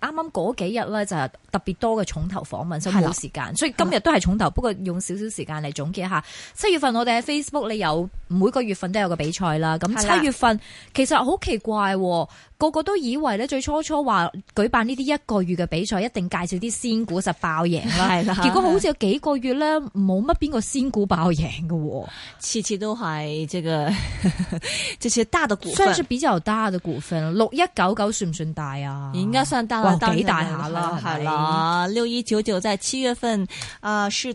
啱啱嗰幾日咧就特別多嘅重頭訪問，所以冇時間。所以今日都係重頭，不過用少少時間嚟總結一下。七月份我哋喺 Facebook，你有每個月份都有個比賽啦。咁七月份其實好奇怪。個個都以為咧，最初初話舉辦呢啲一個月嘅比賽，一定介紹啲仙股實爆贏啦。係啦，結果好似有幾個月咧，冇乜邊個仙股爆贏嘅，次次都係即個即係大的股，算是比較大的股份。六一九九算唔算大啊？而家算大，幾大下啦？係啦，六一九九在七月份啊、呃、是。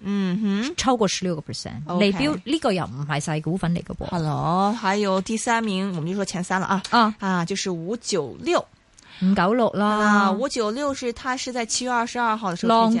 嗯哼，超過十六個 percent，標呢個又唔係細股份嚟嘅噃 Hello，還有第三名，我們就說前三啦啊啊，啊就是五九六，五九六啦。啊，五九六是 596, 596，啊、是他是在七月二十二號的時候的。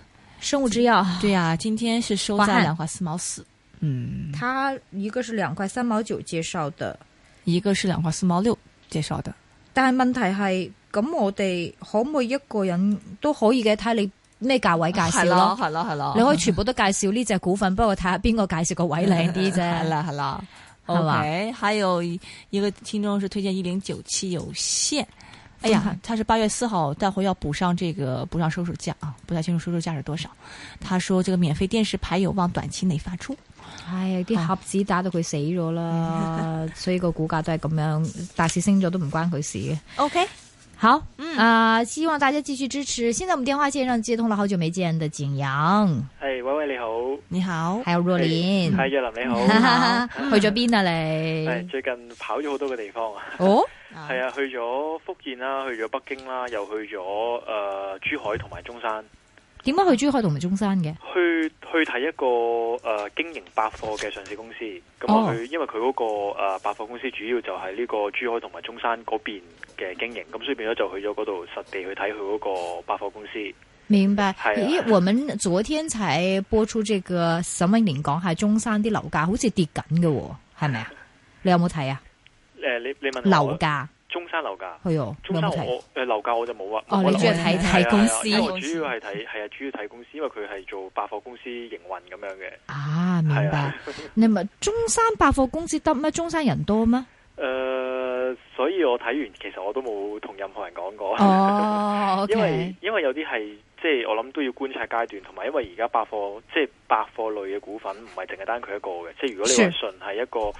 生物製藥對啊，今天是收在兩塊四毛四。嗯，他一個是兩塊三毛九介紹的，一個是兩塊四毛六介紹的。但係問題係咁，我哋可唔可以一個人都可以嘅？睇你咩價位介紹咯，係咯係咯，你可以全部都介紹呢隻股份，不過睇下邊個介紹個位靚啲啫。係啦係啦，OK，還有一個聽眾是推薦一零九七有限。哎呀，他是八月四號，待會要補上這個補上收市價啊，不太清楚收市價是多少。他說這個免費電視牌有望短期內發出。哎呀，啲盒子打到佢死咗啦， 所以個股價都係咁樣，大市升咗都唔關佢事嘅。OK。好，啊、嗯呃，希望大家繼續支持。現在我們電話線上接通了，好久沒見的景陽。嗨、hey,，喂喂，你好。你好。還有若琳。哎、hey,，若琳你好。 去咗邊啊？你？最近跑咗好多個地方啊。哦。係啊，去咗福建啦，去咗北京啦，又去咗誒、呃、珠海同埋中山。點解去珠海同埋中山嘅？去去睇一個誒、呃、經營百貨嘅上市公司，咁啊去，oh. 因為佢嗰、那個誒、呃、百貨公司主要就係呢個珠海同埋中山嗰邊嘅經營，咁所以變咗就去咗嗰度實地去睇佢嗰個百貨公司。明白、啊。咦，我們昨天才播出這個沈永年講下中山啲樓價好似跌緊嘅，係咪啊？你有冇睇啊？誒、呃，你你問樓價。中山樓價？係哦，中山我誒樓價我就冇啊。哦，我你主要睇睇公司？因為我主要係睇係啊，主要睇公司，因為佢係、啊、做百貨公司營運咁樣嘅。啊，明白啊，你咪中山百貨公司得咩？中山人多咩？誒、呃，所以我睇完其實我都冇同任何人講過。哦， 因為、okay. 因為有啲係即係我諗都要觀察階段，同埋因為而家百貨即係百貨類嘅股份唔係淨係單佢一個嘅，即、就、係、是、如果你話純係一個。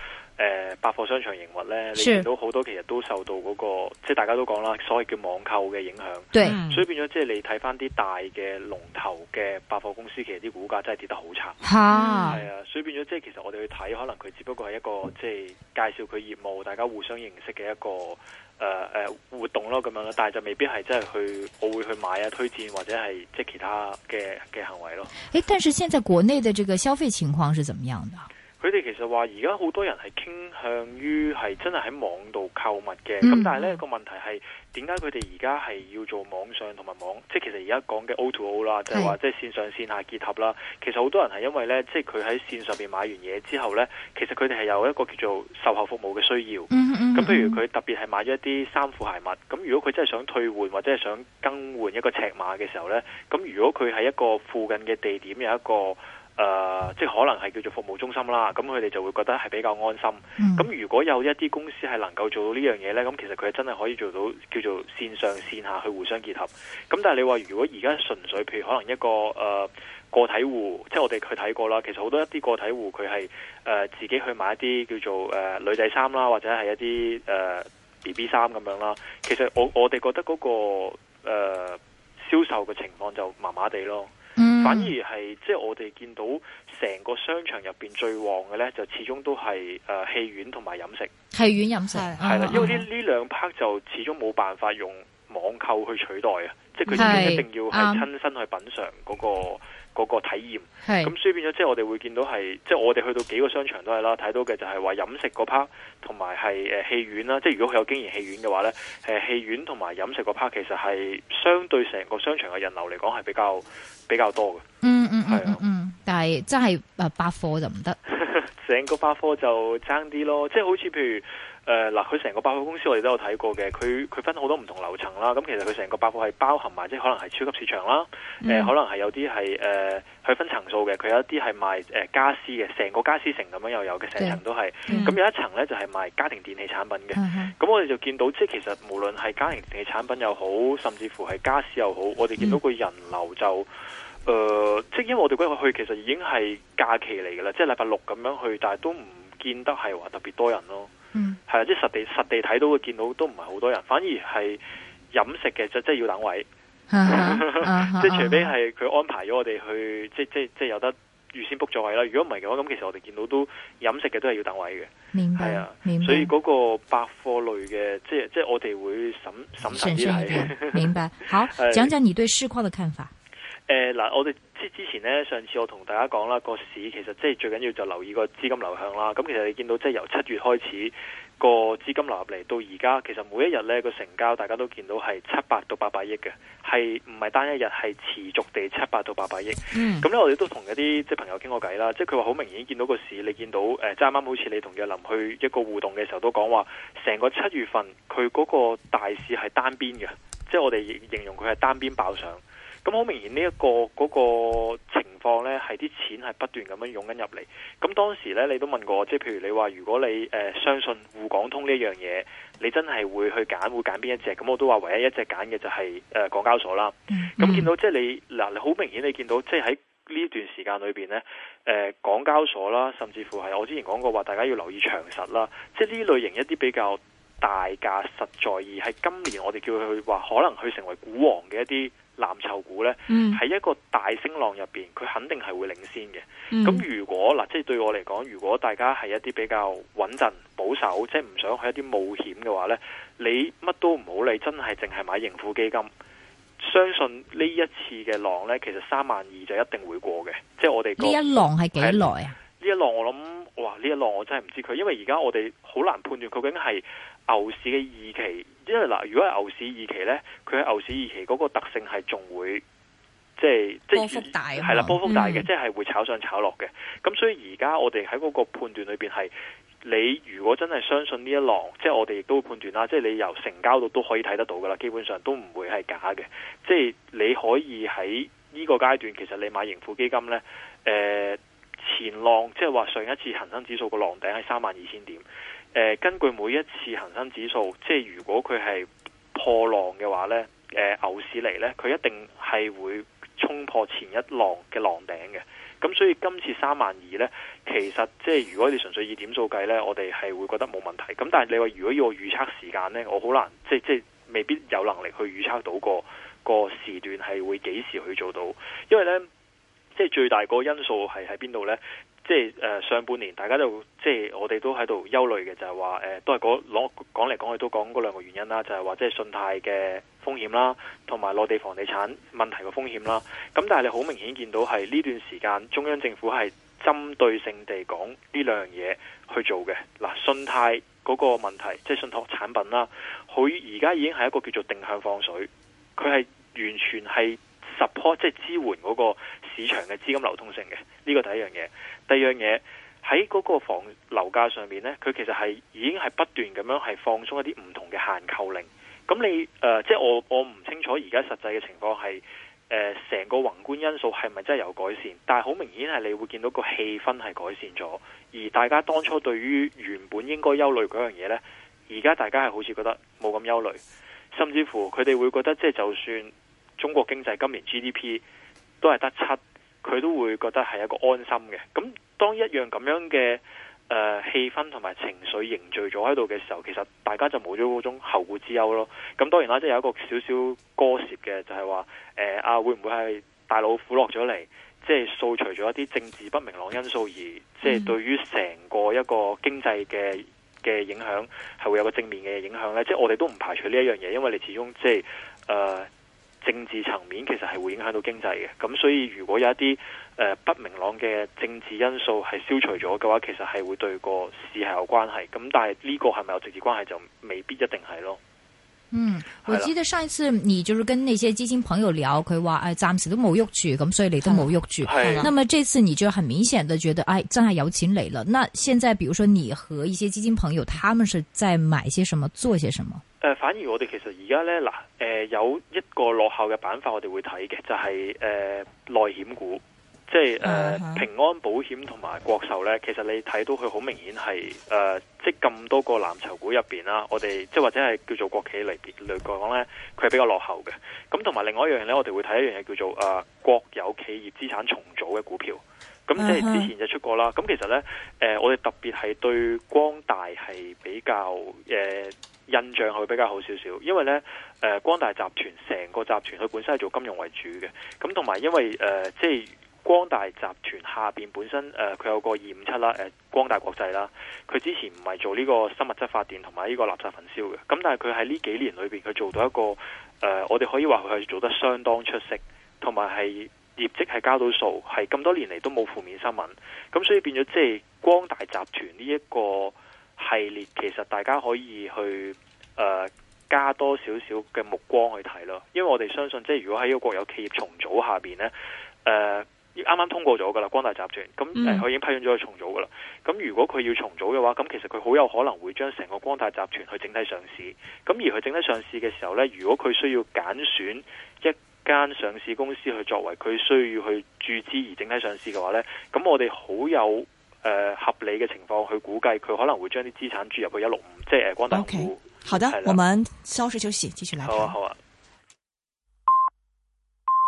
誒、呃，百貨商場營運咧，你見到好多其實都受到嗰、那個，是即係大家都講啦，所謂叫網購嘅影響。對，所以變咗即係你睇翻啲大嘅龍頭嘅百貨公司，其實啲股價真係跌得好慘。吓、啊，係啊，所以變咗即係其實我哋去睇，可能佢只不過係一個即係介紹佢業務，大家互相認識嘅一個誒誒、呃呃、活動咯，咁樣咯。但係就未必係真係去我會去買啊，推薦或者係即係其他嘅嘅行為咯。誒，但是現在國內的這個消費情況是怎麼樣的？佢哋其實話，而家好多人係傾向於係真係喺網度購物嘅，咁、嗯、但係呢個、嗯、問題係點解佢哋而家係要做網上同埋網，即係其實而家講嘅 O to O 啦，嗯、就係話即係線上線下結合啦。其實好多人係因為呢，即係佢喺線上面買完嘢之後呢，其實佢哋係有一個叫做售後服務嘅需要。咁、嗯、譬、嗯、如佢特別係買咗一啲衫褲鞋襪，咁如果佢真係想退換或者係想更換一個尺碼嘅時候呢，咁如果佢喺一個附近嘅地點有一個。誒、呃，即係可能係叫做服務中心啦，咁佢哋就會覺得係比較安心。咁、嗯、如果有一啲公司係能夠做到呢樣嘢呢，咁其實佢真係可以做到叫做線上線下去互相結合。咁但係你話如果而家純粹，譬如可能一個誒、呃、個體戶，即係我哋去睇過啦，其實好多一啲個體戶佢係誒自己去買一啲叫做、呃、女仔衫啦，或者係一啲誒 BB 衫咁樣啦。其實我我哋覺得嗰、那個誒、呃、銷售嘅情況就麻麻地咯。反而係即係我哋見到成個商場入邊最旺嘅呢，就始終都係誒、呃、戲院同埋飲食。戲院飲食係啦，uh -huh. 因為呢呢兩 part 就始終冇辦法用網購去取代啊，即係佢一定一定要係親身去品嚐嗰、嗰個。Uh -huh. 嗰個體驗，咁所以變咗，即係我哋會見到係，即係我哋去到幾個商場都係啦，睇到嘅就係話飲食嗰 part，同埋係誒戲院啦，即係如果佢有經營戲院嘅話咧，誒戲院同埋飲食嗰 part 其實係相對成個商場嘅人流嚟講係比較比較多嘅，嗯嗯，係、嗯、啊、嗯嗯嗯嗯，但係真係誒百貨就唔得，成 個百貨就爭啲咯，即係好似譬如。誒、呃、嗱，佢成個百貨公司我哋都有睇過嘅。佢佢分好多唔同樓層啦。咁、啊、其實佢成個百貨係包含埋，即係可能係超級市場啦。誒、嗯呃，可能係有啲係誒、去、呃、分層數嘅。佢有一啲係賣誒、呃、家私嘅，成個家私城咁樣又有嘅，成層都係。咁、嗯嗯、有一層咧就係、是、賣家庭電器產品嘅。咁、嗯、我哋就見到，即係其實無論係家庭電器產品又好，甚至乎係家私又好，我哋見到個人流就誒、嗯呃，即係因為我哋嗰日去其實已經係假期嚟噶啦，即係禮拜六咁樣去，但係都唔見得係話特別多人咯。係啊，即實地實地睇到，會見到都唔係好多人，反而係飲食嘅，就真，是，係要等位。Uh -huh. Uh -huh. 即除非係佢安排咗我哋去，即即即有得預先 book 座位啦。如果唔係嘅話，咁其實我哋見到都飲食嘅都係要等位嘅。明白。啊、明白。所以嗰個百貨類嘅，即即我哋會審審慎啲係。明白，好，講講你對市況嘅看法。誒、呃、嗱，我哋即之前咧，上次我同大家講啦，個市其實即最緊要就留意個資金流向啦。咁其實你見到即由七月開始。個資金流入嚟到而家，其實每一日呢個成交，大家都見到係七百到八百億嘅，係唔係單一日，係持續地七百到八百億。咁、嗯、呢，我哋都同一啲即係朋友傾過偈啦，即係佢話好明顯見到個市，你見到誒，即啱啱好似你同若林去一個互動嘅時候都講話，成個七月份佢嗰個大市係單邊嘅，即、就、係、是、我哋形容佢係單邊爆上。咁好明顯、這個，呢一個嗰個情況呢，係啲錢係不斷咁樣湧緊入嚟。咁當時呢，你都問過即係譬如你話，如果你、呃、相信滬港通呢樣嘢，你真係會去揀，會揀邊一隻？咁我都話唯一一隻揀嘅就係、是呃、港交所啦。咁見到即係你嗱，好明顯你見到即係喺呢段時間裏邊呢、呃，港交所啦，甚至乎係我之前講過話，大家要留意長實啦，即係呢類型一啲比較大價實在而係今年我哋叫佢話可能去成為股王嘅一啲。藍籌股呢，喺、嗯、一個大升浪入邊，佢肯定係會領先嘅。咁如果嗱、嗯，即係對我嚟講，如果大家係一啲比較穩陣保守，即係唔想去一啲冒險嘅話呢，你乜都唔好理，真係淨係買盈富基金，相信呢一次嘅浪呢，其實三萬二就一定會過嘅。即係我哋講呢一浪係幾耐啊？呢一浪我諗，哇！呢一浪我真係唔知佢，因為而家我哋好難判斷究竟係牛市嘅二期。因為嗱，如果係牛市二期咧，佢喺牛市二期嗰個特性係仲會，即係即係波幅大，係啦，波幅大嘅，嗯，即係會炒上炒落嘅。咁所以而家我哋喺嗰個判斷裏邊係，你如果真係相信呢一浪，即係我哋亦都判斷啦，即係你由成交度都可以睇得到噶啦，基本上都唔會係假嘅。即係你可以喺呢個階段，其實你買盈富基金咧，誒、呃、前浪即係話上一次恒生指數個浪頂係三萬二千點。呃、根據每一次恒生指數，即係如果佢係破浪嘅話呢，誒、呃、牛市嚟呢，佢一定係會衝破前一浪嘅浪頂嘅。咁所以今次三萬二呢，其實即係如果你純粹以點數計呢，我哋係會覺得冇問題。咁但係你話如果要我預測時間呢，我好難，即係即係未必有能力去預測到個個時段係會幾時去做到，因為呢，即係最大個因素係喺邊度呢？即係誒，上半年大家都即係我哋都喺度憂慮嘅，就係話誒，都係嗰，攞講嚟，講去都講嗰兩個原因，就是、就是啦，就係話即係信貸嘅風險啦，同埋內地房地產問題嘅風險啦。咁但係你好明顯見到係呢段時間中央政府係針對性地講呢兩樣嘢去做嘅。嗱，信貸嗰個問題即係、就是、信託產品啦，佢而家已經係一個叫做定向放水，佢係完全係。突破即係支援嗰個市場嘅資金流通性嘅，呢個第一樣嘢。第二樣嘢喺嗰個房樓價上面呢，佢其實係已經係不斷咁樣係放鬆一啲唔同嘅限購令。咁你誒、呃、即係我我唔清楚而家實際嘅情況係成、呃、個宏觀因素係咪真係有改善？但係好明顯係你會見到個氣氛係改善咗，而大家當初對於原本應該憂慮嗰樣嘢呢，而家大家係好似覺得冇咁憂慮，甚至乎佢哋會覺得即係就算。中國經濟今年 GDP 都係得七，佢都會覺得係一個安心嘅。咁當一樣咁樣嘅誒、呃、氣氛同埋情緒凝聚咗喺度嘅時候，其實大家就冇咗嗰種後顧之憂咯。咁當然啦，即係有一個少少割舌嘅，就係話誒啊，會唔會係大老虎落咗嚟，即係掃除咗一啲政治不明朗因素而即係對於成個一個經濟嘅嘅影響係會有個正面嘅影響呢？即係我哋都唔排除呢一樣嘢，因為你始終即係誒。呃政治層面其實係會影響到經濟嘅，咁所以如果有一啲、呃、不明朗嘅政治因素係消除咗嘅話，其實係會對個市係有關係。咁但係呢個係咪有直接關係就未必一定係咯。嗯，我記得上一次你就是跟那些基金朋友聊，佢話誒暫時都冇喐住，咁所以你都冇喐住。係啦、嗯。那麼這次你就很明顯的覺得，哎真係有錢嚟了。那現在，比如說你和一些基金朋友，他們是在買些什麼，做些什麼？誒、呃，反而我哋其實而家咧，嗱、呃、誒有一個落後嘅板塊，我哋會睇嘅就係誒內險股，即係誒、呃 uh -huh. 平安保險同埋國壽咧。其實你睇到佢好明顯係誒，即係咁多個藍籌股入邊啦，我哋即係或者係叫做國企類別嚟講咧，佢係比較落後嘅。咁同埋另外一樣咧，我哋會睇一樣嘢叫做誒、呃、國有企業資產重組嘅股票。咁即係之前就出過啦。咁、uh -huh. 其實咧，誒、呃、我哋特別係對光大係比較誒。呃印象佢比較好少少，因為呢、呃、光大集團成個集團佢本身係做金融為主嘅，咁同埋因為即係、呃就是、光大集團下邊本身佢、呃、有個二五七啦，光大國際啦，佢之前唔係做呢個生物質發電同埋呢個垃圾焚燒嘅，咁但係佢喺呢幾年裏邊，佢做到一個、呃、我哋可以話佢係做得相當出色，同埋係業績係交到數，係咁多年嚟都冇負面新聞，咁所以變咗即係光大集團呢、這、一個系列，其實大家可以去誒、呃、加多少少嘅目光去睇咯，因為我哋相信即係如果喺一個國有企業重組下邊呢，誒啱啱通過咗噶啦，光大集團，咁誒佢已經批准咗佢重組噶啦。咁如果佢要重組嘅話，咁其實佢好有可能會將成個光大集團去整體上市。咁而佢整體上市嘅時候呢，如果佢需要揀選，選一間上市公司去作為佢需要去注資而整體上市嘅話呢，咁我哋好有。誒、呃，合理嘅情況去估計，佢可能會將啲資產注入去一六五，即係、呃、誒光大控股。Okay. 好的，我們稍事休息，繼續嚟講。好啊，好啊。